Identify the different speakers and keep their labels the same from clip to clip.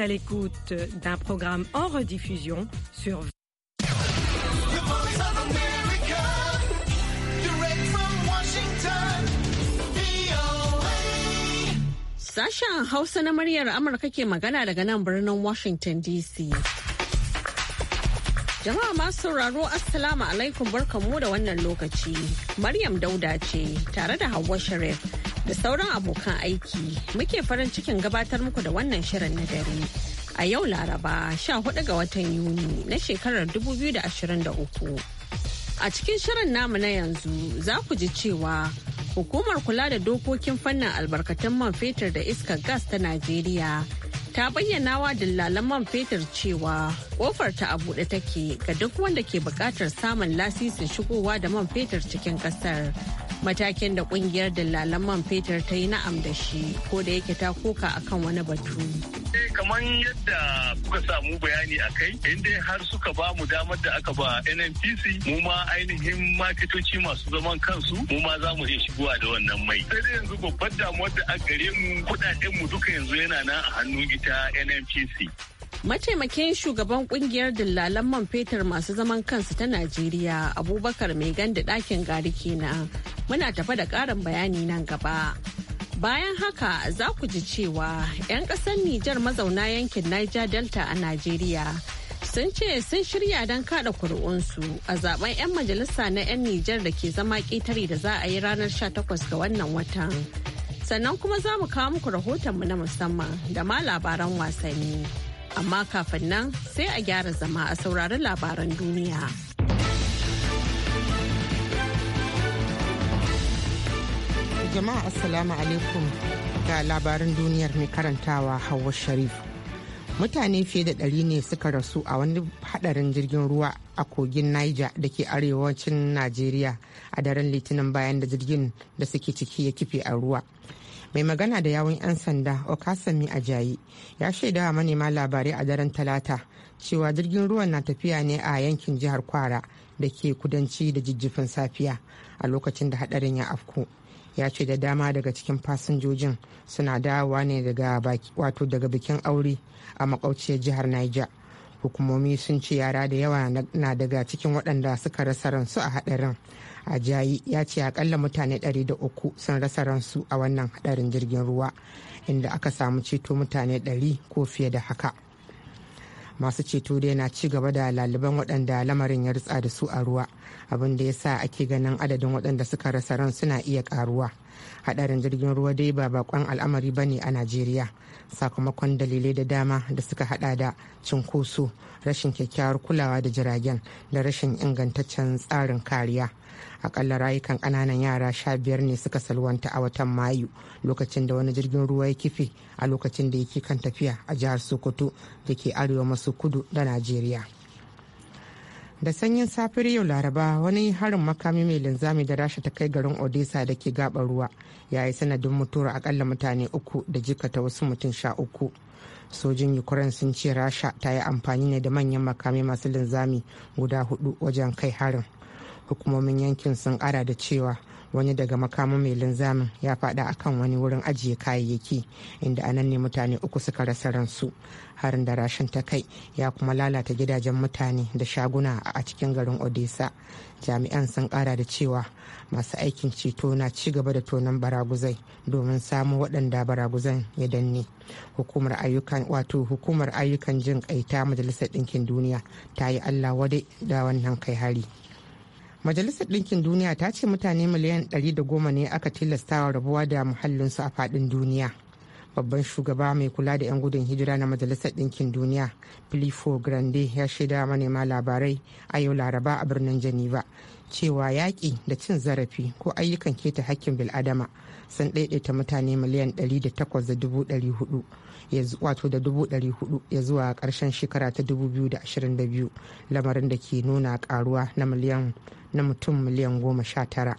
Speaker 1: à l'écoute d'un programme en rediffusion sur Sashen Hausa na muryar Amurka ke magana daga nan birnin Washington DC. Jama'a masu sauraro Assalamu alaikum barkanmu da wannan lokaci. Maryam Dauda ce tare da Hauwa Sharif da sauran abokan aiki muke farin cikin gabatar muku da wannan shirin na dare. A yau Laraba 14 ga watan Yuni na shekarar 2023. A cikin shirin namu na yanzu za ku ji cewa hukumar kula da dokokin fannin albarkatun man fetur da iskar gas ta Najeriya ta bayyana wa dillalan man fetur cewa kofar ta a buɗe take ga duk wanda ke buƙatar samun lasisin shigowa da man fetur cikin ƙasar. matakin da kungiyar dillalan man fetur ta yi na'am da shi ko da yake ta koka akan wani batu.
Speaker 2: Eh, kamar yadda kuka samu bayani a kai inda har suka ba mu damar da aka ba nnpc mu ma ainihin maketoci masu zaman kansu mu ma za mu iya shigowa da wannan mai sai dai yanzu babbar damuwar da a gare mu kudaden mu duka yanzu yana nan a hannun ita nnpc
Speaker 1: Mataimakin shugaban kungiyar dillalan man fetur masu zaman kansu ta Najeriya Abubakar mai ganda ɗakin gari kenan Muna tafa da ƙarin bayani nan gaba. Bayan haka za ku ji cewa 'yan ƙasar Nijar mazauna yankin Niger Delta a Najeriya sun ce sun shirya don kada kuri'unsu a zaben 'yan majalisa na 'yan Nijar da ke zama ƙetare da za a yi ranar 18 ga wannan watan. Sannan kuma za mu kawo muku rahotonmu na musamman da ma labaran wasanni. Amma kafin nan sai a gyara zama a saurari labaran duniya.
Speaker 3: jama'a assalamu alaikum ga labarin duniyar mai karantawa hawa sharif mutane fiye da ɗari ne suka rasu a wani hadarin jirgin ruwa a kogin niger da ke arewacin najeriya a daren litinin bayan da jirgin da suke ciki ya kife a ruwa mai magana da yawun 'yan sanda okasami jayi ya shaida wa manema labarai a daren talata cewa jirgin ruwan na tafiya ne a yankin jihar kwara da ke kudanci da jijjifin safiya a lokacin da hadarin ya afku ya ce da dama daga cikin fasinjojin suna dawowa ne daga wato daga bikin aure a makauciyar jihar niger hukumomi sun ce yara da yawa na daga cikin waɗanda suka rasa ransu a haɗarin ajayi ya ce akalla mutane 300 sun rasa ransu a wannan haɗarin jirgin ruwa inda aka samu ceto mutane 100 ko fiye da haka masu ceto dai na ci gaba da laliban waɗanda lamarin ya rutsa da su a ruwa abin da ya sa ake ganin adadin waɗanda suka rasa ran suna iya ƙaruwa. haɗarin jirgin ruwa dai ba bakon al'amari ba ne a najeriya sakamakon dalilai da dama da suka hada da cinkoso rashin kyakkyawar kulawa da jiragen da rashin ingantaccen tsarin kariya akalla rayukan ƙananan yara sha biyar ne suka salwanta a watan mayu lokacin da wani jirgin ruwa ya kife a lokacin da yake kan tafiya a jihar sokoto da ke arewa masu kudu da najeriya da sanyin safiyar yau laraba wani harin makami mai linzami da rasha ta kai garin odessa da ke gabar ruwa ya yi sanadin mutuwar akalla mutane uku da jikata wasu mutum sha uku sojin ukraine sun ce rasha ta yi amfani ne da manyan makami masu linzami guda hudu wajen kai harin hukumomin yankin sun kara da cewa wani daga makamin mai linzamin ya fada akan wani wurin ajiye kayayyaki inda a nan ne mutane uku suka rasa ransu harin da rashin ta kai ya kuma lalata gidajen mutane da shaguna a cikin garin odessa jami'an sun kara da cewa masu aikin ceto na ci gaba da tonon baraguzai domin samu waɗanda baraguzan ya danne hukumar ayyukan wato hukumar ayyukan jin kai ta majalisar ɗinkin duniya ta yi allah wadai da wannan kai hari Majalisar Ɗinkin Duniya ta ce mutane miliyan 110 ne aka tilastawa rabuwa da muhallinsu a faɗin duniya. Babban shugaba mai kula da 'yan gudun hijira na Majalisar Ɗinkin Duniya, Filifo Grande ya shaida manema labarai a yau Laraba a birnin Geneva cewa yaƙi da cin zarafi ko ayyukan keta hakkin bil'adama sun ɗaiɗaita mutane miliyan 108,400 wato da dubu ɗari hudu ya zuwa ƙarshen shekara ta dubu biyu da ashirin da biyu lamarin da ke nuna karuwa na miliyan na mutum miliyan goma sha tara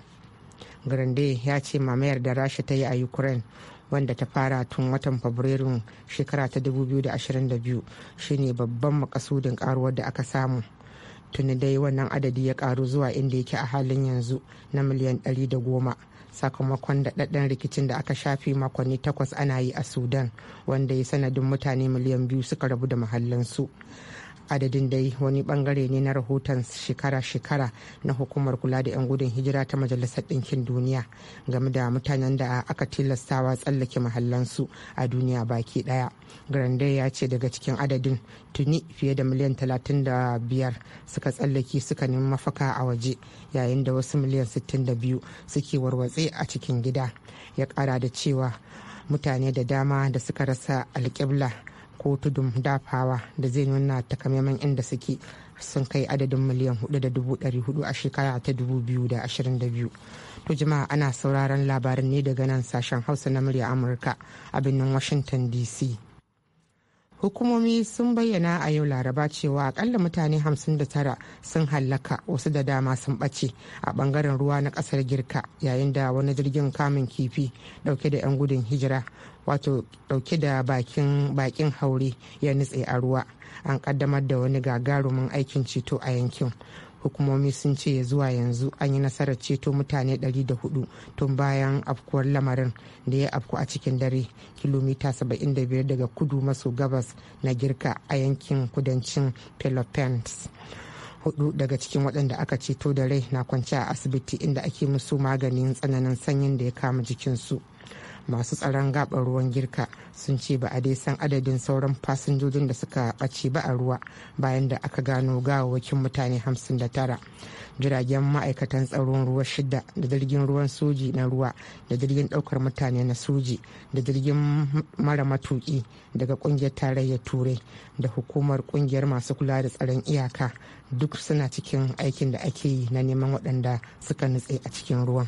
Speaker 3: grande ya ce mamayar da rasha ta yi a ukraine wanda ta fara tun watan fabrairun shekara ta 2022 shine babban makasudin karuwar da aka samu tuni dai wannan adadi ya karu zuwa inda yake a halin yanzu na miliyan da goma sakamakon daɗaɗɗen rikicin da aka shafe makonni takwas ana yi a sudan wanda ya sanadin mutane miliyan biyu suka rabu da mahallansu. adadin dai wani bangare ne na rahoton shekara-shekara na hukumar kula da 'yan gudun hijira ta majalisar ɗinkin duniya game da mutanen da aka tilastawa tsallake mahallansu a duniya baki ɗaya grande ya ce daga cikin adadin tuni fiye da miliyan 35 suka tsallake suka nemi mafaka a waje yayin da wasu miliyan 62 suke warwatse a cikin gida ya kara da cewa mutane da dama da suka rasa alƙibla ko tudun dafawa da zai nuna takamaiman inda suke sun kai adadin miliyan 4,400 a shekara ta 2022 to jama'a ana sauraron labarin ne daga nan sashen hausa na murya amurka a birnin washington dc hukumomi sun bayyana a yau laraba cewa akalla mutane 59 sun hallaka wasu da dama sun ɓace a ɓangaren ruwa na ƙasar girka yayin da wani jirgin kamun kifi ɗauke da 'yan gudun hijira wato dauke da bakin bakin haure ya nutse a ruwa an kaddamar da wani gagarumin aikin ceto a yankin hukumomi sun ce zuwa yanzu an yi nasarar ceto mutane 104 tun bayan afkuwar lamarin da ya afku a cikin dare kilomita 75 daga kudu maso gabas na girka a yankin kudancin pelopens hudu daga cikin waɗanda aka ceto da rai na kwance a asibiti inda ake musu maganin tsananin sanyin da ya kama jikinsu masu tsaron gabar ruwan girka sun ce ba a dai san adadin sauran fasinjojin da suka ɓace ba a ruwa bayan da aka gano gawawakin mutane 59 jiragen ma'aikatan tsaron ruwa shida da jirgin ruwan soji na ruwa da jirgin ɗaukar mutane na soji da jirgin mara matuki daga ƙungiyar tarayyar turai da hukumar ƙungiyar masu kula da tsaron iyaka duk suna cikin aikin da ake yi na neman waɗanda suka nutse a cikin ruwan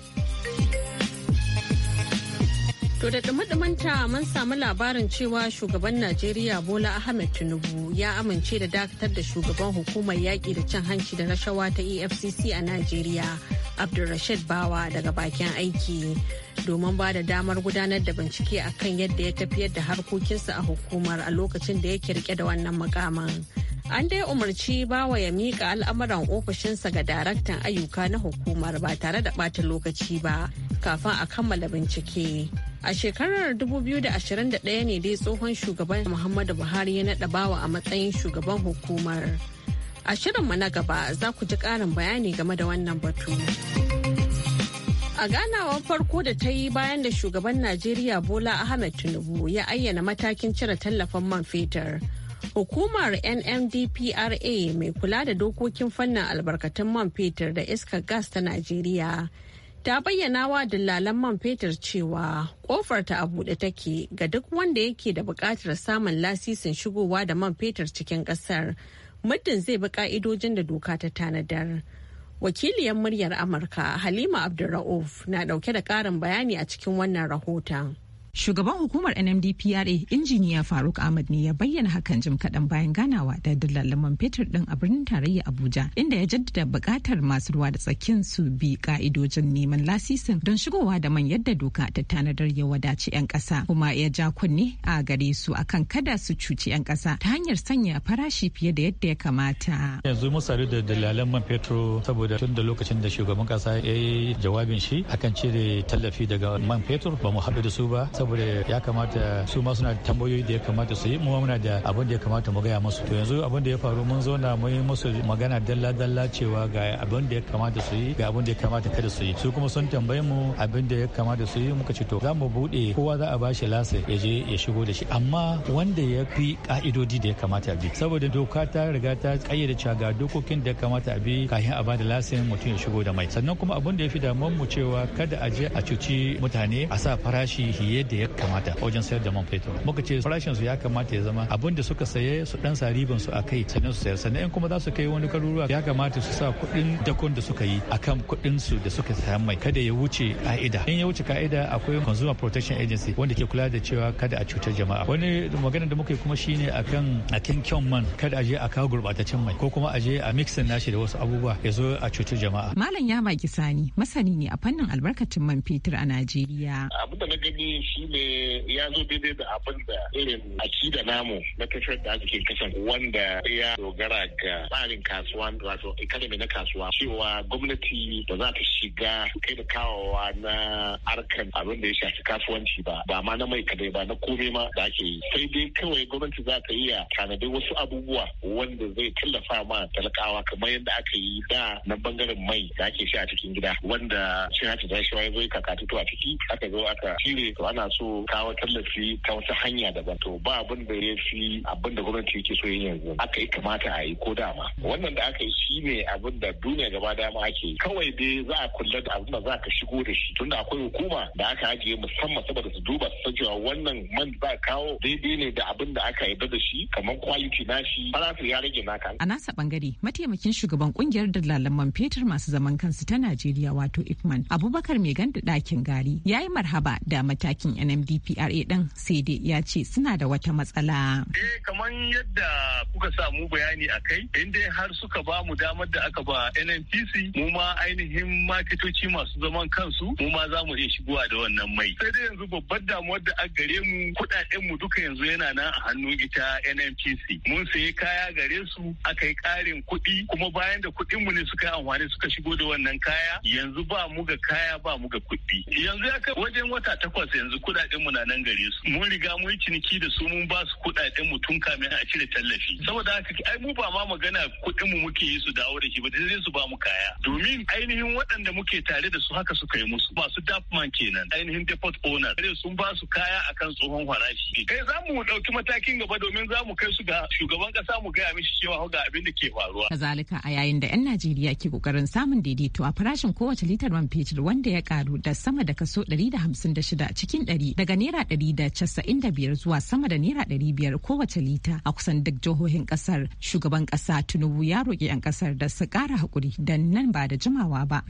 Speaker 1: To da dumadumanta mun samu labarin cewa shugaban Najeriya Bola Ahmed Tinubu ya amince da dakatar da shugaban hukumar yaƙi da cin hanci da rashawa ta EFCC a Najeriya Abdulrashid Bawa daga bakin aiki domin ba da damar gudanar da bincike akan yadda ya tafiyar da harkokinsa a hukumar a lokacin da yake rike da wannan makaman. An dai umarci bawa ya miƙa al'amuran ofishinsa ga daraktan ayyuka na hukumar ba tare da ɓata lokaci ba kafin a kammala bincike. A shekarar 2021 ne dai tsohon shugaban Muhammadu Buhari ya naɗa bawa a matsayin shugaban hukumar. A shirinmu na gaba za ku ji ƙarin bayani game da wannan batu. A ganawar farko da ta yi bayan da shugaban Najeriya Bola Ahmed Tinubu ya ayyana matakin cire tallafin man fetur. Hukumar NMDPRA mai kula da dokokin fannin albarkatun man fetur da iskar gas ta Najeriya ta bayyana wa dillalan man fetur cewa kofar ta a buɗe take ga duk wanda yake da buƙatar samun lasisin shigowa da man fetur cikin ƙasar muddin zai bi ƙa'idojin da doka ta tanadar wakiliyar muryar amurka
Speaker 4: halima abdulra'uf na ɗauke da ƙarin bayani a cikin wannan rahoton Shugaban hukumar NMDPRA injiniya Faruk Ahmad ne ya bayyana hakan jim kaɗan bayan ganawa da dillalin man fetur ɗin a birnin tarayya Abuja inda ya jaddada bukatar masu ruwa da tsakin su bi ka'idojin neman lasisin don shigowa da man yadda doka ta tanadar ya wadaci 'yan ƙasa kuma ya ja kunne a gare su akan kada su cuci 'yan ƙasa ta hanyar sanya farashi fiye da yadda ya kamata.
Speaker 5: Yanzu mun sadu da dalilan man fetur saboda tun da lokacin da shugaban ƙasa ya yi jawabin shi akan cire tallafi daga man fetur ba mu haɗu da su ba saboda ya kamata su ma suna tambayoyi da ya kamata su yi mu muna da abin da ya kamata mu gaya musu to yanzu abin da ya faru mun zauna mu yi musu magana dalla dalla cewa ga abin da ya kamata su yi ga abin da ya kamata kada su yi su kuma sun tambaye mu abin da ya kamata su yi muka ce to za mu bude kowa za a bashi lasa ya je ya shigo da shi amma wanda ya fi ka'idodi da ya kamata bi saboda doka ta riga ta kayyade cewa ga dokokin da ya kamata a bi kafin a bada lasin mutum ya shigo da mai sannan kuma abin da ya fi damuwar mu cewa kada a je a cuci mutane a sa farashi hiye. yadda ya kamata wajen sayar da man fetur muka ce farashin su ya kamata ya zama abin da suka saye su dan sa riban su akai sannan su sayar sannan in kuma za su kai wani garuruwa ya kamata su sa kuɗin dakon da suka yi akan kuɗin su da suka saya mai kada ya wuce ka'ida in ya wuce ka'ida akwai consumer protection agency wanda ke kula da cewa kada a cutar jama'a wani magana da muka yi kuma shine akan akan kyan man kada a je a kawo gurbataccen mai ko kuma a je a mixin nashi da wasu abubuwa ya zo a cutar jama'a
Speaker 4: malam ya maki sani masani ne a fannin albarkatun man fetur a Najeriya
Speaker 6: abu da na gani shi shi ne ya
Speaker 2: zo daidai da abin da irin akida namu na tafiyar da ake kasan wanda ya dogara ga tsarin kasuwa wato economy na kasuwa cewa gwamnati ba za ta shiga kai da kawowa na harkan abin da ya shafi kasuwanci ba ba ma na mai kadai ba na komai ma da ake yi sai dai kawai gwamnati za ta iya tanadi wasu abubuwa wanda zai tallafa ma talakawa kamar yadda aka yi da na bangaren mai da ake sha a cikin gida wanda shi ta da shi ya zo kakatutu a ciki aka zo aka cire to ana so kawo tallafi ta wasu hanya daban to ba abin da ya fi abin da gwamnati yake so yin yanzu aka yi kamata a yi ko dama wannan da aka yi shi ne abin da duniya gaba dama ake kawai dai za a kula da abin da za ka shigo da shi tunda akwai hukuma da aka ajiye musamman saboda su duba su san cewa wannan man za a kawo daidai ne da abin da aka yarda da shi kamar kwaliti na shi farashin ya rage naka.
Speaker 4: A nasa bangare mataimakin shugaban kungiyar dalalan man fetur masu zaman kansu ta Najeriya wato Ikman Abubakar mai ganda dakin gari ya yi marhaba da matakin NMDPRA ɗin sai dai ya ce suna da wata matsala. Eh
Speaker 2: kamar yadda kuka samu bayani a kai inda har suka ba mu damar da aka ba NNPC mu ma ainihin maketoci masu zaman kansu mu ma za mu iya shigowa da wannan mai. Sai dai yanzu babbar damuwar da aka gare mu kuɗaɗen mu duka yanzu yana nan a hannun ita NNPC. Mun sayi kaya gare su aka yi ƙarin kuɗi kuma bayan da kuɗin mu ne suka yi amfani suka shigo da wannan kaya yanzu ba mu ga kaya ba mu ga kuɗi. Yanzu ya kai wajen wata takwas yanzu kudaden mu na nan gare su mun riga mun ciniki da su mun ba su kudaden mu tun kamin a cire tallafi saboda haka ai mu ba ma magana kudin mu muke yi su dawo da shi ba sai su ba mu kaya domin ainihin waɗanda muke tare da su haka suka yi musu masu dafman kenan ainihin depot owner sai sun ba su kaya akan tsohon farashi kai za mu dauki matakin gaba domin za mu kai su ga shugaban kasa mu gaya mishi cewa ga abin da ke faruwa
Speaker 4: kazalika a yayin da yan Najeriya ke kokarin samun daidaito a farashin kowace litar man fetur wanda ya karu da sama da kaso 156 cikin ɗari daga naira ɗari da casa'in da biyar zuwa sama da naira ɗari biyar kowace lita a kusan duk jihohin ƙasar. Shugaban ƙasa tunubu ya roƙi 'yan ƙasar da su ƙara haƙuri dan nan ba da jimawa ba.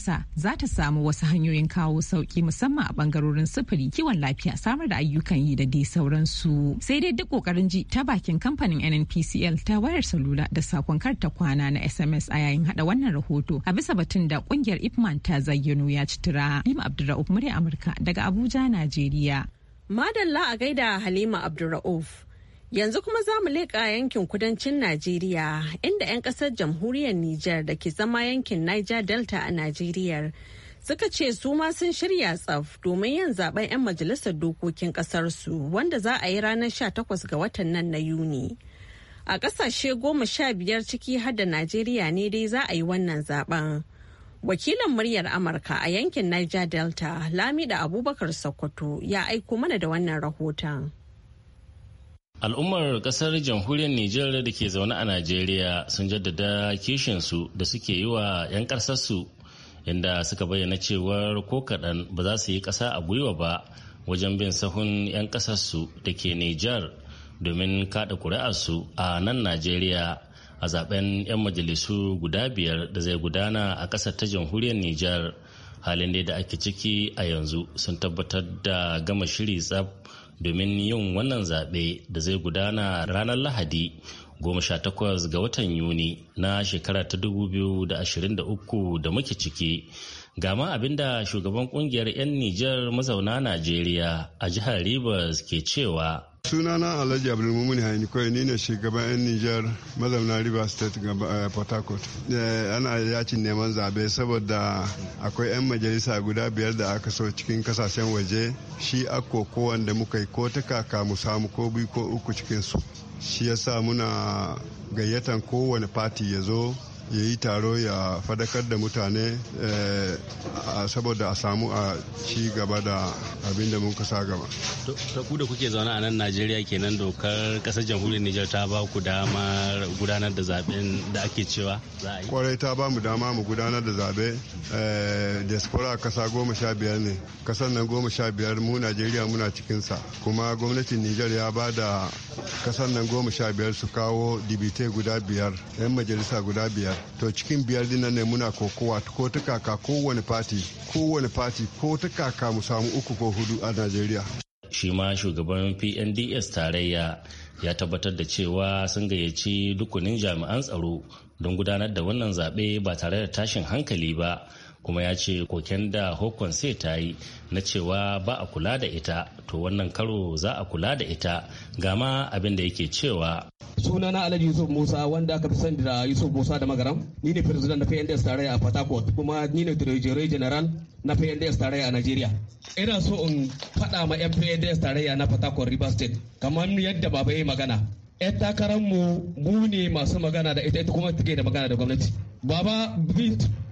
Speaker 4: sa za ta samu wasu hanyoyin kawo sauki musamman a bangarorin sufuri, kiwon lafiya, samar da ayyukan yi da dai sauransu. Sai dai duk ƙoƙarin ji ta bakin kamfanin NNPCL ta wayar salula da sakon kar ta kwana na SMS a yayin hada wannan rahoto a bisa batun da ƙungiyar IPMAN ta zayyano ya ci tura. Lima Abdulrahman Murya Amurka daga Abuja, na Najeriya. Madalla
Speaker 1: a gaida Halima Abdulra'uf. Yanzu kuma za mu leƙa yankin kudancin Najeriya inda 'yan ƙasar jamhuriyar Nijar da ke zama yankin Niger Delta a Najeriya suka ce su ma sun shirya tsaf domin yin zaben 'yan majalisar dokokin ƙasarsu wanda za a yi ranar 18 ga watan nan na Yuni. A ƙasashe goma sha biyar ciki har da Najeriya ne dai za a yi wannan zaben. Wakilin muryar Amurka a yankin Niger Delta, Lamida Abubakar Sokoto, ya aiko mana da wannan rahoton.
Speaker 7: Al'ummar kasar jamhuriyar Nijar da ke zaune a Najeriya sun jaddada kishinsu da suke yi wa 'yan ƙasarsu inda suka bayyana cewar ko kaɗan ba za su yi ƙasa a gwiwa ba wajen bin sahun 'yan ƙasarsu da ke Nijar domin kaɗa ƙuri'arsu a nan Najeriya. a zaben 'yan majalisu guda biyar da zai gudana a ƙasar ta jamhuriyar Nijar. halin da ake ciki a yanzu sun tabbatar da gama shiri tsab domin yin wannan zaɓe da zai gudana ranar lahadi 18 ga watan yuni na shekara ta 2023 da muke ciki gama abinda shugaban kungiyar 'yan nijar mazauna najeriya a jihar rivers ke cewa
Speaker 6: sunana alhaji abdulmumin haini kawai ni ne shugaban yan nijar mazauna river state eh, port harcourt eh, ana yakin neman zabe saboda akwai yan majalisa guda biyar da aka so cikin kasashen waje shi akko wanda muka yi ko ta kaka mu samu ko biyu ko uku cikinsu shi yasa muna gayyatan kowane fati ya zo ya yi taro ya fadakar da mutane eh, saboda a samu a ci gaba da abin da mun kasa gaba.
Speaker 5: Ta ku da
Speaker 7: kuke zaune a nan Najeriya kenan dokar kasar jamhuriyar Nijar ta ba ku dama gudanar da zaben da ake cewa
Speaker 6: za a yi. Kwarai ta ba mu dama mu gudanar da zabe eh, diaspora kasa goma sha biyar ne kasar nan goma sha biyar mu Najeriya muna cikinsa kuma gwamnatin Nijar ya ba da kasar nan goma sha biyar su kawo dibite guda biyar 'yan majalisa guda biyar to cikin biyar dinar ne muna kokowa ko ta kaka kowane fati kowane fati ko ta kaka mu samu uku ko hudu a najeriya
Speaker 7: shi ma shugaban pnds tarayya ya tabbatar da cewa sun gayyaci dukkanin jami'an tsaro don gudanar da wannan zaɓe ba tare da tashin hankali ba kuma ya ce koken da hokon sai ta yi na cewa ba a kula da ita to wannan karo za a kula da ita gama abin da yake cewa
Speaker 8: sunana alhaji yusuf musa wanda aka fi sani da yusuf musa da magaram ni ne president na pnds tarayya a port kuma ni ne treasury general na pnds tarayya a nigeria ina so in faɗa ma yan pnds tarayya na port river state kamar yadda baba ya yi magana 'yan takararmu mu ne masu magana da ita ita kuma take da magana da gwamnati baba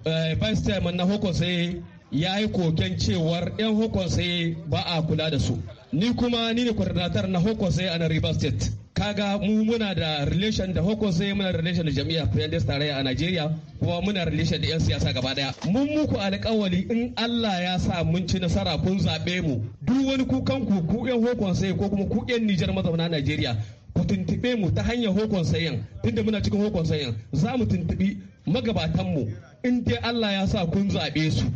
Speaker 8: eh, vice chairman na hukun sai ya yi koken cewar 'yan hukun sai ba a kula da su ni kuma ni ne coordinator na hukun sai a na river state kaga mu muna da relation da hukun sai muna da relation da jami'a fiyandes tarayya a nigeria kuma muna relation da 'yan siyasa gaba daya mun muku alkawali in allah ya sa mun ci nasara kun zaɓe mu duk wani kukan ku ku 'yan hukun sai ko kuma ku 'yan nijar mazauna nigeria ku tuntube mu ta hanyar hokon sayan tunda muna cikin hokon sayan za mu tuntuɓi magabatanmu in dai Allah ya sa kun zaɓe su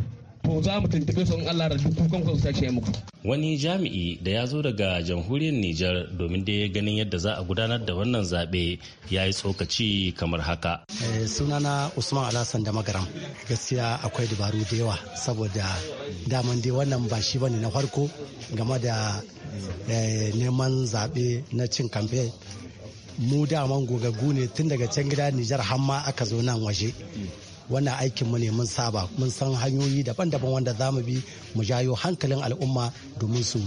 Speaker 8: to za mu tuntube su in Allah rabu kukan ku sace muku.
Speaker 7: Wani jami'i da ya zo daga jamhuriyar Nijar domin da ganin yadda za a gudanar da wannan zaɓe ya yi tsokaci kamar haka. Eh, sunana Usman Alasan da Magaram gaskiya akwai dabaru da yawa saboda daman dai wannan ba shi bane na farko game da Eh, neman zaɓe na cin kamfe mu daman gogaggu ne tun daga can gida nijar hamma aka zo nan waje wannan aikinmu ne mun saba mun san hanyoyi daban-daban wanda za mu bi mu jayo hankalin al'umma domin su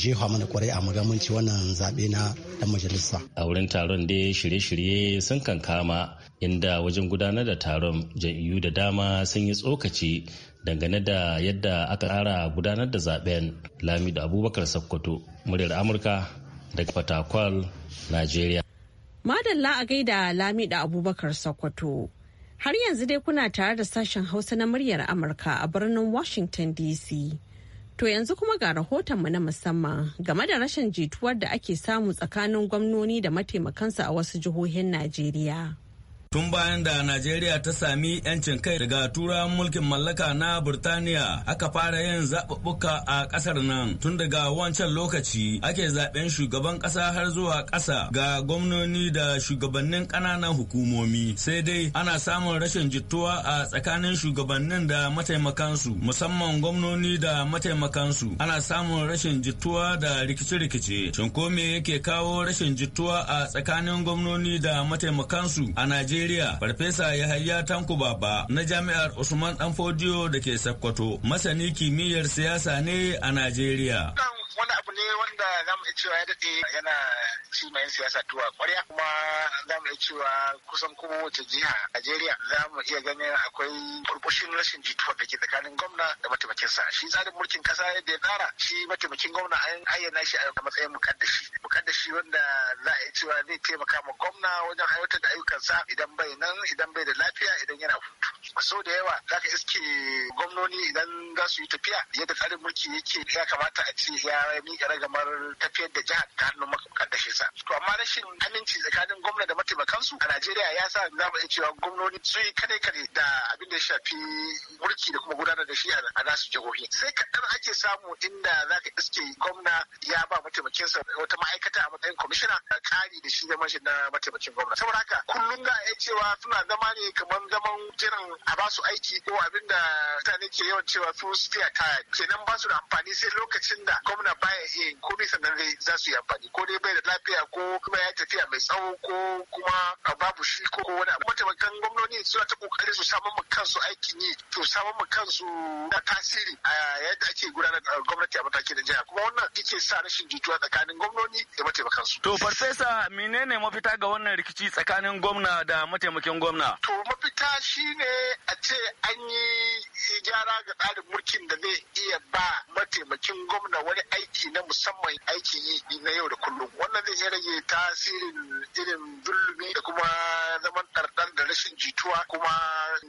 Speaker 7: jefa mana kwarai a magamanci wannan zaɓe na dan majalisa. A wurin taron dai shirye-shirye sun kankama inda wajen gudanar da taron jam'iyyu da dama sun yi tsokaci dangane da yadda aka tsara gudanar da zaben lamido abubakar sakkwato muryar amurka daga fatakwal nigeria
Speaker 1: madalla a gaida da abubakar sakkwato har yanzu dai kuna tare da sashen hausa na muryar amurka a birnin washington dc To yanzu kuma ga rahotonmu na musamman game da rashin jituwar da ake samu tsakanin gwamnoni da mataimakansu a wasu jihohin Najeriya.
Speaker 9: Tun bayan da Najeriya ta sami 'yancin kai daga tura mulkin mallaka na Burtaniya aka fara yin zaɓuɓɓuka a ƙasar nan tun daga wancan lokaci ake zaɓen shugaban ƙasa har zuwa ƙasa ga gwamnoni da shugabannin ƙananan hukumomi sai dai ana samun rashin jituwa a tsakanin shugabannin da mataimakansu musamman gwamnoni da mataimakansu ana samun rashin jituwa da rikice-rikice shin ko me yake kawo rashin jituwa a tsakanin gwamnoni da mataimakansu a Najeriya Najeriya, Farfesa Yahaya Tanko Baba na Jami'ar Usman Danfodiyo da ke Sokoto, masani kimiyyar siyasa ne a Najeriya.
Speaker 10: wani abu ne wanda za mu cewa ya daɗe yana cimayin siyasa tuwa kwarya kuma za cewa kusan kuma wace jiha a Najeriya za mu iya ganin akwai kurkushin rashin jituwa da ke tsakanin
Speaker 7: gwamna da mataimakinsa. Shi tsarin mulkin kasa yadda ya tsara shi mataimakin gwamna an ayyana shi a matsayin
Speaker 10: mukaddashi. Mukaddashi wanda za a yi cewa zai taimaka ma gwamna wajen aiwatar da ayyukansa idan bai nan idan bai da lafiya idan yana hutu. So da yawa za ka iske gwamnoni idan za su yi tafiya yadda tsarin mulki yake ya kamata a ce ya miƙa ragamar tafiyar da jihar ta hannun mukaddashi To amma rashin aminci tsakanin gwamna da mataimakin kansu a Najeriya ya sa za mu cewa gwamnoni su yi kare kare da abin da shafi mulki da kuma gudanar da shi a nasu jihohi sai kaɗan ake samu inda za ka iske gwamna ya ba sa. wata ma'aikata a matsayin kwamishina kari da shi zama shi na mataimakin gwamna saboda haka kullum za a cewa suna zama ne kamar zaman jiran a basu aiki ko abin da mutane ke yawan cewa su spare tire kenan ba su da amfani sai lokacin da gwamna baya iya ko bai sannan za su yi amfani ko dai bai da lafiya ko kuma ya tafiya mai tsawo ko kuma kuma babu shi ko wani abu mataimakan gwamnoni suna ta kokari su samu mu kansu aikin yi to samu mu kansu na tasiri a yadda ake gudanar da gwamnati a matakin da jiha kuma wannan yake sa rashin jituwa tsakanin gwamnoni da mataimakan su
Speaker 9: to farfesa menene mafita ga wannan rikici tsakanin gwamna da mataimakin gwamna to
Speaker 10: mafita shine a ce an yi gyara ga tsarin mulkin da zai iya ba mataimakin gwamna wani aiki na musamman aiki yi na yau da kullum wannan zai rage tasirin irin zulmi hargitsi da kuma zaman tartan da rashin jituwa kuma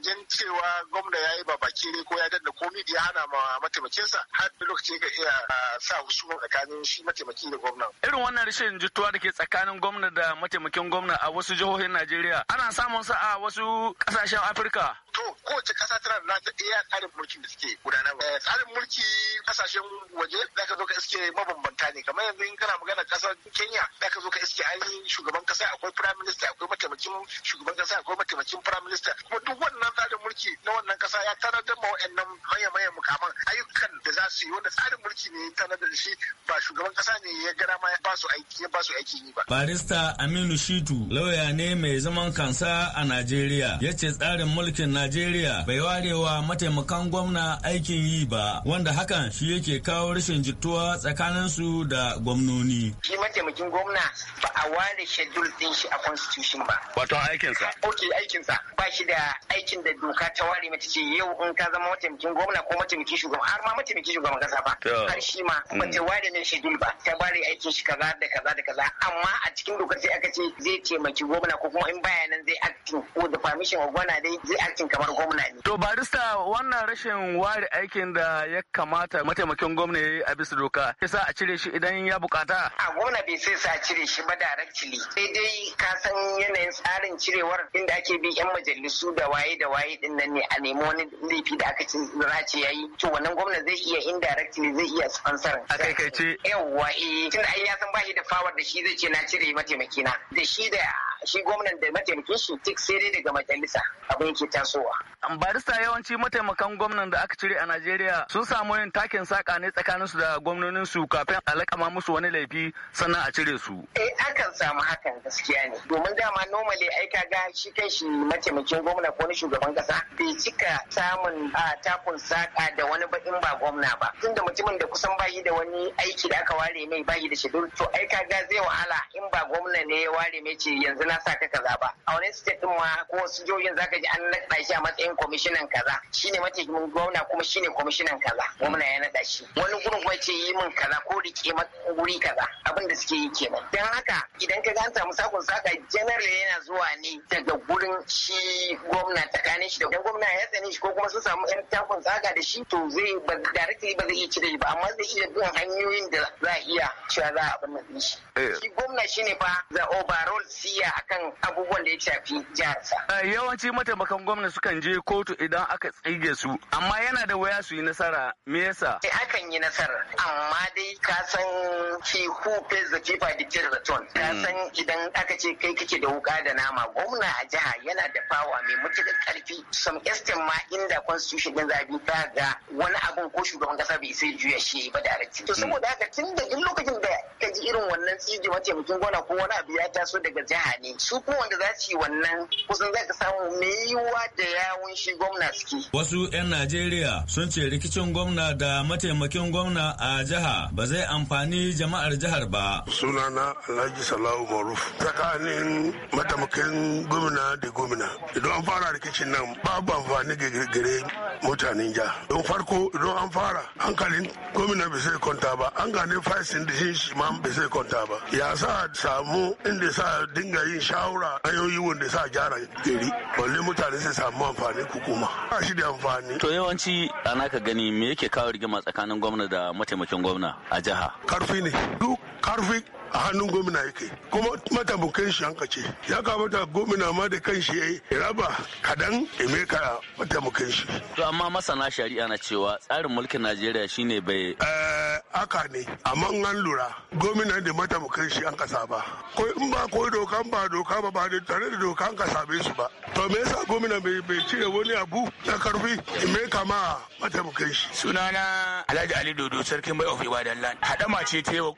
Speaker 10: jin cewa gwamna ya yi babakere ko ya danna komi da ya hana ma mataimakinsa har da lokaci ga iya sa husuma tsakanin shi mataimaki da gwamna.
Speaker 9: Irin wannan rashin jituwa da ke tsakanin gwamna da mataimakin gwamna a wasu jihohin Najeriya
Speaker 10: ana samun sa a wasu
Speaker 9: kasashen Afirka.
Speaker 10: To kowace kasa tana da nata iya tsarin mulkin da suke gudanarwa. Eh, tsarin mulki kasashen waje za ka zo ka iske mabambanta ne kamar yanzu in kana magana kasar Kenya za ka zo ka iske an shugaban kasa akwai firayim minista minista akwai mataimakin shugaban kasa akwai mataimakin prime minister kuma duk wannan tsarin mulki na wannan kasa ya tanadar ma wa'annan manya-manyan mukaman ayyukan da za su yi wanda tsarin mulki ne ya tanadar da shi ba shugaban kasa ne ya gara ma ya ba su aiki ya ba su aiki ni ba.
Speaker 9: barista aminu shitu lauya ne mai zaman kansa a najeriya ya ce tsarin mulkin najeriya bai warewa mataimakan gwamna aikin yi ba wanda hakan shi yake kawo rashin jituwa tsakanin su da gwamnoni.
Speaker 11: shi mataimakin gwamna ba a ware shedul din shi a constitution ba.
Speaker 9: Wato aikinsa.
Speaker 11: Ok aikinsa ba shi da aikin da doka ta ware mata ce yau in ka zama mataimakin gwamna ko mataimakin shugaban har ma mataimakin shugaban kasa ba. Har shi ma mm. ba ta ware mai shedul ba ta bare aikin shi kaza da kaza da kaza amma a cikin dokar sai aka ce zai taimaki gwamna ko kuma in bayanan zai acting ko da permission of gwamna dai zai acting kamar gwamna ne. To barista wannan
Speaker 9: rashin ware aikin da ya kamata mataimakin gwamna ya yi a bisa doka sa a cire shi idan ya bukata.
Speaker 11: A gwamna bai sai sa a cire shi ba directly sai dai ka san yanayin tsarin cirewar inda ake bi yan majalisu da waye da waye din nan ne a nemi wani laifi da aka ci zace yayi to wannan gwamna zai iya indirectly zai iya sponsor a kai kai ce yawa eh tun ai ya san ba da power da shi zai ce na cire mataimaki na da shi da shi gwamnan da mataimakin shi tik sai dai daga majalisa abin yake tasowa
Speaker 9: barista yawanci mataimakan gwamnan da aka cire a Najeriya sun samu yin takin saka ne tsakanin su da gwamnonin su kafin a musu wani laifi sannan a cire su
Speaker 11: eh akan samu hakan gaskiya ne domin don dama nomale ai kaga shi kan shi mataimakin gwamna ko na shugaban kasa bai cika samun a takun saka da wani bakin ba gwamna ba tunda mutumin da kusan bayi da wani aiki da aka ware mai bayi da shedul to ai ga zai wahala in ba gwamna ne ya ware mai ce yanzu na sa ka kaza ba a wani state din ma ko wasu jihohin zaka ji an naɗa shi a matsayin kwamishinan kaza shine mataimakin gwamna kuma shine kwamishinan kaza gwamna ya naɗa shi wani gurin kuma ce yi min kaza ko rike guri kaza abin da suke
Speaker 10: yi kenan don haka idan ka ga an samu sakun saka primarily yana zuwa ne daga gurin
Speaker 11: shi gwamna tsakanin shi da gwamna ya tsane shi ko kuma sun samu yan takun tsaga da shi to zai ba directly ba zai iya cire ba amma zai iya bin hanyoyin da za a iya cewa za a abin shi eh. shi gwamna shine fa za overall siya akan abubuwan da ya shafi
Speaker 9: sa. Eh, yawanci mataimakan gwamna sukan je kotu idan aka tsige su amma yana da waya su yi nasara me yasa eh
Speaker 11: akan yi nasara amma dai ka san ki who pays the keeper the tone ka hmm. san idan aka ce kai kake yake da wuka da nama gwamna a jiha yana da fawa mai matuƙar ƙarfi some estin ma inda constitution din zabi ta ga wani abun ko shugaban kasa bai sai juya shi ba da arziki to saboda
Speaker 10: haka tun da in lokacin da ka ji irin
Speaker 11: wannan tsiji mataimakin gwamna ko wani abu ya taso daga jiha ne su kuma wanda za su yi wannan kusan za ka samu mai yiwuwa da yawun shi gwamna suke.
Speaker 9: wasu 'yan najeriya sun ce rikicin gwamna da mataimakin gwamna a jiha ba zai amfani jama'ar jihar ba.
Speaker 12: sunana alhaji salahu maruf tsakanin matamakin gwamna da gwamna idan an fara rikicin nan babu amfani ga gire mutanen ja don farko idan an fara hankalin gwamna bai sai kwanta ba an gane faisin da shi shi ma bai sai kwanta ba ya sa samu inda sa dinga yin shawara hanyoyi wanda sa gyara gari balle mutane sai samu amfani hukuma
Speaker 9: ba shi da amfani to yawanci ana ka gani me yake kawo rigima tsakanin gwamna da mataimakin gwamna a jiha
Speaker 12: karfi ne duk karfi a hannun gomina yake kuma matabukan shi hanka ce ya kamata gomina ma da kan shi ya raba kadan ya ka matabukan shi
Speaker 9: to amma masana shari'a na cewa tsarin mulkin najeriya shine bai
Speaker 12: eh, aka ne amma an lura gwamnan da mataimakan shi an kasa ba ko in ba ko dokan ba doka ba ba da tare da doka an kasa su ba to me yasa gwamnan bai cire wani abu na karfi me kama mataimakan shi sunana Alhaji Ali Dodo sarkin bai of Ibadan land hadama ce ta yi wa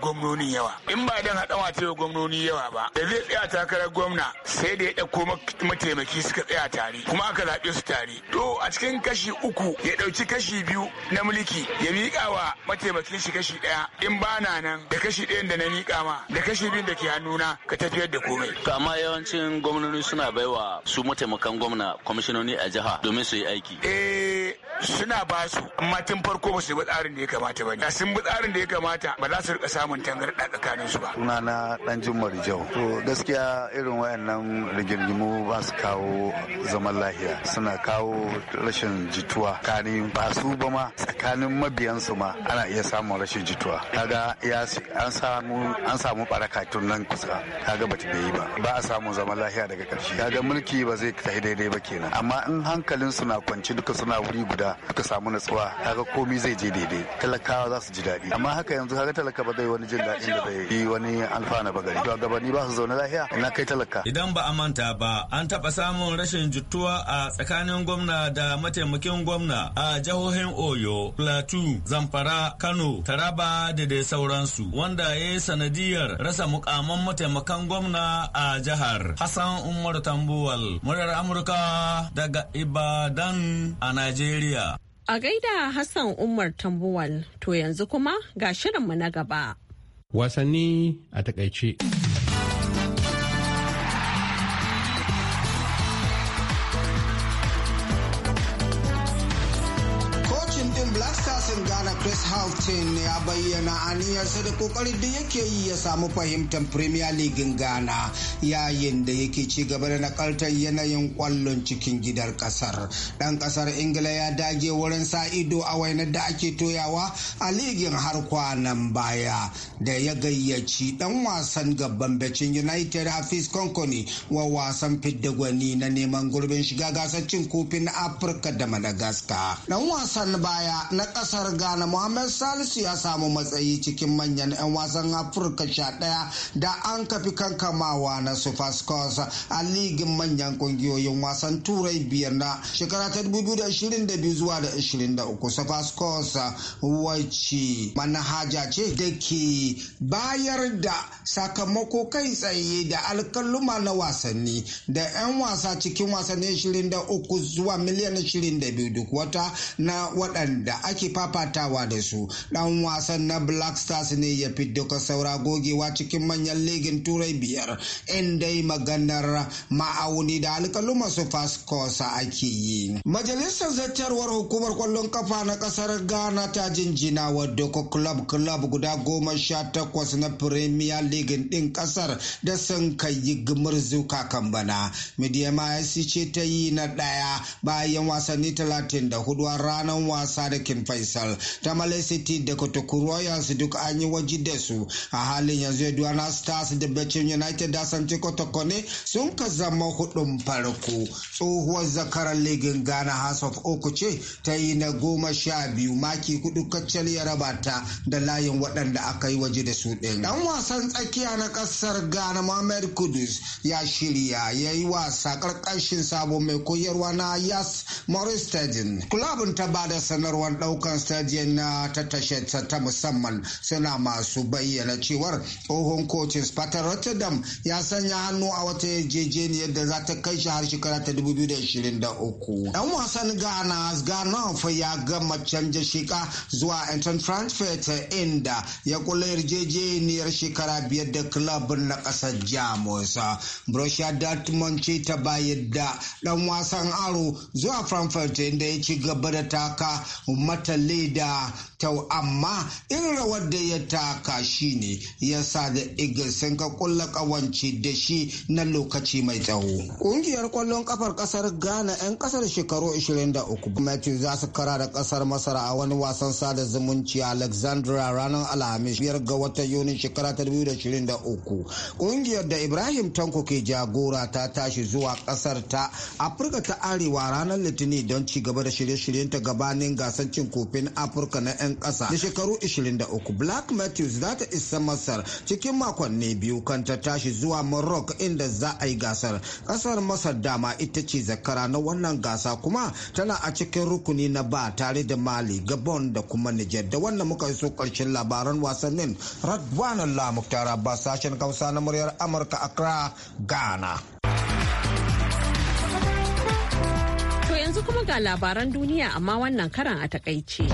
Speaker 12: gwamnoni yawa in ba dan hadama ta yi wa gwamnoni yawa ba da zai tsaya takarar gwamna sai da ya dauko mataimaki suka tsaya tare kuma aka zaɓe su tare to a cikin kashi uku ya dauki kashi biyu na mulki ya miƙa wa taimake shi kashi ɗaya in ba na nan da kashi ɗayan da na niƙa ma da kashi biyun da ke hannuna
Speaker 9: ka tafiyar da komai. To yawancin gwamnoni suna baiwa su mataimakan gwamna kwamishinoni a jiha domin su yi aiki.
Speaker 12: Eh suna ba su amma tun farko ba su bi tsarin da ya kamata ba ne. Sun bi tsarin da ya kamata ba za su rika samun tangarɗa tsakanin
Speaker 9: su ba. na ɗan Jummar Jau. To gaskiya irin wayannan rigirgimu ba su kawo zaman lahiya suna kawo rashin jituwa tsakanin ba su ba ma tsakanin mabiyansu ma ana iya samun rashin jituwa kaga ya an samu an samu baraka tun nan kusa kaga bata bai yi ba ba a samu zama lafiya daga karshe kaga mulki ba zai tafi daidai ba kenan amma in hankalin su na kwanci duka suna wuri guda duka samu natsuwa kaga komi zai je daidai talakawa za su ji daɗi amma haka yanzu kaga talaka ba zai wani jin daɗin da zai yi wani alfana ba gari to gabani ba su zaune lafiya ina kai talaka idan ba a manta ba an taba samun rashin jituwa a tsakanin gwamna da mataimakin gwamna a jihohin oyo plateau zamfara Kano, Taraba da dai sauransu wanda ya yi sanadiyar rasa mukaman mataimakan gwamna a jihar. Hassan Umar Tambuwal, muryar Amurka daga Ibadan a Najeriya.
Speaker 1: A gaida Hassan Umar Tambuwal, to yanzu kuma ga shirinmu na gaba.
Speaker 4: Wasanni a takaice.
Speaker 13: Charlton ya bayyana aniyarsa da kokarin da yake yi ya samu fahimtar Premier League Ghana yayin da yake ci gaba da nakaltar yanayin kwallon cikin gidar kasar. Dan kasar Ingila ya dage wurin sa ido a wainar da ake toyawa a ligin har kwanan baya da ya gayyaci dan wasan gaban bacin United Hafiz Konkoni wa wasan fidda gwani na neman gurbin shiga gasar cin kofin Afirka da Madagascar. Dan wasan baya na kasar Ghana Mohamed salisu ya samu matsayi cikin manyan 'yan wasan afirka sha da an kafi kankamawa na super scores a ligin manyan kungiyoyin wasan turai biyar na shekara ta 2022 zuwa da 23 super scores wacce manhaja ce da ke bayar da sakamako kai tsaye da alkaluma na wasanni da 'yan wasa cikin wasanni 23 zuwa miliyan 22 duk wata na waɗanda ake fafatawa da su Ɗan dan wasan na black stars ne ya fi duka saura gogewa cikin manyan ligin turai biyar inda maganar ma'auni da alkaluma su faskosa ake yi majalisar zartarwar hukumar kwallon kafa na kasar ghana ta jinjina wa duka club club guda goma sha takwas na premier league din kasar da sun kai yi zuka kan bana midiyama ya ce ta yi na ɗaya bayan wasanni talatin da hudu ranar wasa da kin faisal ta malaysia city da kotoku royals duk an yi waje da su a halin yanzu ana stars da becin united da santi kotoko ne sun ka zama hudun farko tsohuwar zakarar ligin ghana house of oku ce ta yi na goma sha biyu maki hudu kacal ya raba ta da layin waɗanda aka yi waje da su ɗin dan wasan tsakiya na ƙasar ghana mohamed kudus ya shirya ya yi wasa ƙarƙashin sabon mai koyarwa na yas maurice stadium ta ba da sanarwar ɗaukan stadium na wata tashar ta musamman suna masu bayyana cewar tsohon Kotun Sparta Rotterdam ya sanya hannu a wata yarjejeniyar da za ta kai shi har shekara ta 2023. Dan wasan Ghana Ghana ya gama canja shika zuwa Anton frankfurt inda ya kula yarjejeniyar shekara biyar da club na kasar Jamus. Borussia Dortmund ce ta bayar da ɗan wasan aro zuwa Frankfurt inda ya ci gaba da taka mata leda kyau amma in rawar da ya taka shi ne ya sa da eagles ka kulla kawance da shi na lokaci mai tsawo ƙungiyar kwallon ƙafar ƙasar ghana 'yan ƙasar shekaru 23 matthew za su kara da kasar masar a wani wasan sada zumunci a ranar alhamis biyar ga watan yunin shekara ta 2023 kungiyar da ibrahim tanko ke jagora ta tashi zuwa ƙasar ta afirka ta arewa ranar litinin don ci gaba da shirye shiryen ta gabanin gasar cin kofin afirka na 'yan jirgin kasa da shekaru 23 black matthews za ta isa masar cikin makonni biyu kan ta tashi zuwa morocco inda za a yi gasar kasar masar dama ita ce zakara na wannan gasa kuma tana a cikin rukuni na ba tare da mali gabon da kuma niger da wannan muka so karshen labaran wasannin radwan allah muktar ba sashen kausa na muryar amurka accra ghana
Speaker 1: To yanzu kuma ga labaran duniya amma wannan karan a takaice.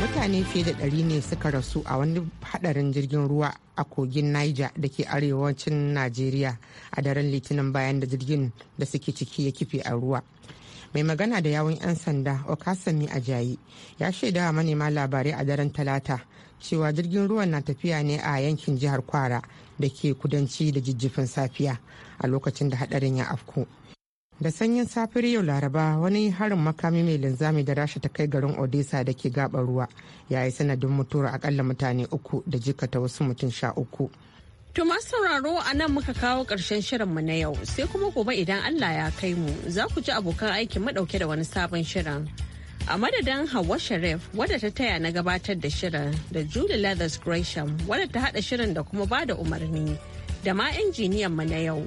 Speaker 3: mutane fiye da ɗari ne suka rasu a wani hadarin jirgin ruwa a kogin niger da ke arewacin najeriya a daren litinin bayan da jirgin da suke ciki ya kife a ruwa mai magana da yawun 'yan sanda okasami ajayi ya shaida wa manema labarai a daren talata cewa jirgin ruwan na tafiya ne a yankin jihar kwara da ke kudanci da jijjifin safiya a lokacin da hadarin ya afku da sanyin safiri yau laraba wani harin makami mai linzami da rasha ta kai garin odessa da ke gabar ruwa ya yi sanadin mutuwar akalla mutane uku da jikata wasu mutum sha uku
Speaker 1: To masu sauraro a nan muka kawo ƙarshen shirinmu na yau sai kuma gobe idan Allah ya kai mu za ku ji abokan aikin madauke da wani sabon shirin. A madadin hawa Sharif wadda ta taya na gabatar da shirin da Julie Leathers Gresham wadda ta haɗa shirin da kuma ba da umarni da ma injiniyan mu na yau.